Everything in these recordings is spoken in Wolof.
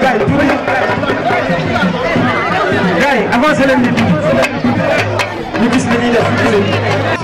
gars yi avancé leen nit ñi ñu gis li ñuy def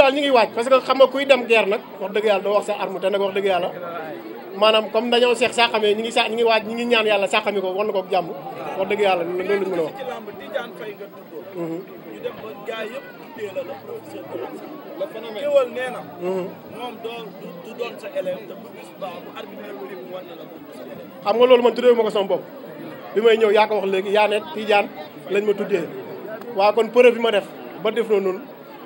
daal ngi waaj parce que xam nga kuy dem guerre nag wax dëgg yàlla doo wax sa arme te nag wax dëgg yàlla maanaam comme dañoo seex saaxamee ñi ngi sa ñi ngi waaj ñi ngi ñaan yàlla saaxami ko war na ko jàmm wax dëgg yàlla loolu lañ mën a wax kéwal nee xam nga loolu man tuddee ma ko sama bopp bi may ñëw yaa ko wax léegi yaa ne Tidiane lañ ma tuddee waaw kon preuve bi ma def ba def na noonu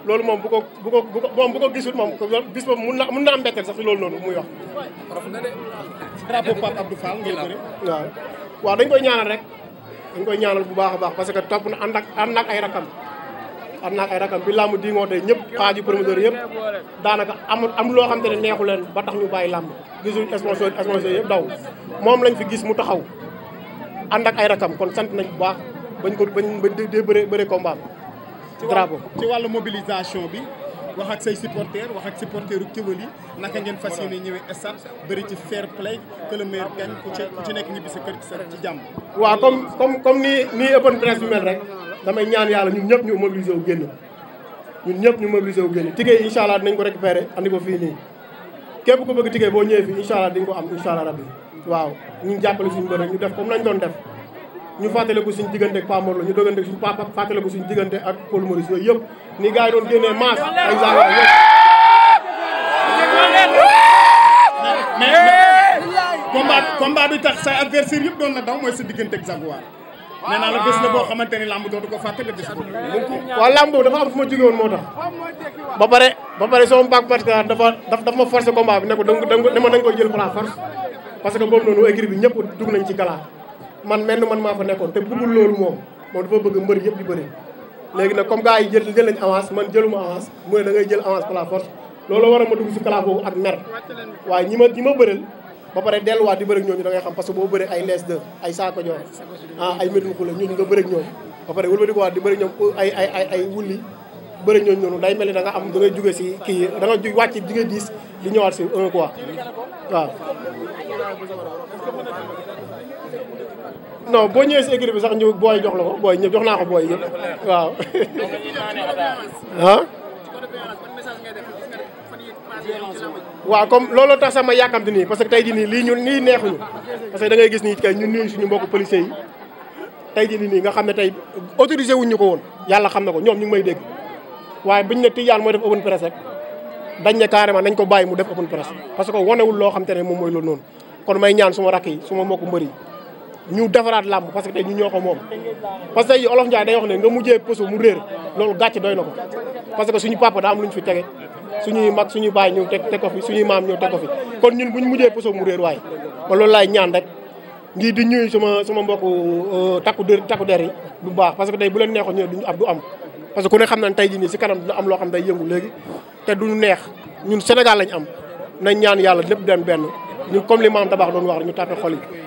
loolu moom bu ko bu ko bu ko moom bu ko gisul moom bis boobu mun na mun na am mbetteel sax si loolu noonu muy wax. drapeau waaw dañ koy ñaanal rek dañ koy ñaanal bu baax a baax parce que topp na ànd ak ànd ak ay rakam ànd ak ay rakam bi làmb di ngoo tey ñëpp xaaju promoteur yëpp daanaka amul am loo xam te ne neexu leen ba tax ñu bàyyi làmb gisul sponsor sponsor yëpp daw moom lañ fi gis mu taxaw ànd ak ay rakam kon sant nañ bu baax bañ ko bañ ba dee bëre bëre combat drapeau ci wàllu mobilisation bi wax ak say supporters wax ak supporteru Kewel yi naka ngeen fas yéene ñëwee stade bëri ci fair play que le ku ci nekk ñibbi sa kër ci sa ci jàmm. waaw comme comme comme nii nii open press mel rek damay ñaan yàlla ñun ñëpp ñu mobilisé wu génn ñun ñëpp ñu mobilisé wu génn tigé yi incha allah dinañ ko récupéré ko fii nii képp ku bëgg tigé boo ñëwee fii incha allah di nga ko am incha allah rabbi waaw ñu jàppale suñu bëre ñu def comme nañ doon def. ñu fàttaliku suñu diggante ak Pape Mor ñu dogante suñu papa fàttaliku suñu diggante ak Paul Maurice yooyu yëpp ni gars yi doon génnee masse ay genre yëpp. mais combat combat bi tax say adversaire yëpp doon na daw mooy diggante ak Jaguar. nee ko fàtte bés bu waaw làmb boobu dafa am fu ma jóge woon moo tax. ba pare ba pare sama mbaa particulier dafa dafa ma forcé combat bi ne ko da nga ko da nga ko jël par force parce que boobu noonu équipe bi ñëpp dugg nañ ci gala man mel na man maa fa nekkoon te bëggul loolu moom moom dafa bëgg mbër yëpp di bëri léegi nag comme gars yi jël jël nañ avance man jëluma avance mu ne da ngay jël avance par la force loolu war a ma dugg si kalaaf boobu ak mer waaye ñi ma ba pare delluwaat di bëri ak ñooñu da ngay xam parce que boo bëri ay lees de ay saako joor ah ay médul xule ñooñu nga bëri ak ñoom ba pare wëlbati ko waat di bëri ñoom ay ay ay ay wulli bëri ñooñu noonu day mel ni da nga am da ngay jóge si kii da nga wàcc di nga diis di ñëwaat si un quoi waaw non boo ñëwee si écurie bi sax ñu booy jox la ko booy ñëpp jox naa ko booy yëpp waaw. ah. waaw comme looloo tax sama yàkkamti nii parce que tey jii nii lii ñun nii neexuñu parce que da ngay gis nii kay ñun nii suñu mbokk policiers yi tey jii nii nga xam ne tey autorisé wuñ ñu ko woon yàlla xam na ko ñoom ñu may dégg waaye buñ ne Tidiane mooy def open press rek dañ ne carrément nañ ko bàyyi mu def open press parce que wonewul loo xam te ne moom mooy loolu noonu kon may ñaan suma rakk yi suma mbokk mbër yi ñu defaraat làmb parce que tey ñu ñoo ko moom parce que olof Ndiaye day wax ne nga mujjee pësu mu réer loolu gàcc doy na ko parce que suñu papa daa am lu ñu fi tege suñuy mag suñuy baay ñu teg teg ko fi suñuy maam ñu teg ko fi kon ñun buñ mujjee pësu mu réer waaye ba loolu laay ñaan rek ngi di ñuy sama sama mbokku euh, takku der takku der yi du baax parce que tey bu leen neexoon ñu duñu ab du am parce que ku xam na tey jii nii si kanam dina am loo xam day yëngu léegi te du neex ñun Sénégal lañ am nañ ñaan yàlla lépp dem benn ñu comme li maam tabax doon wax rek ñu tàppe xol yi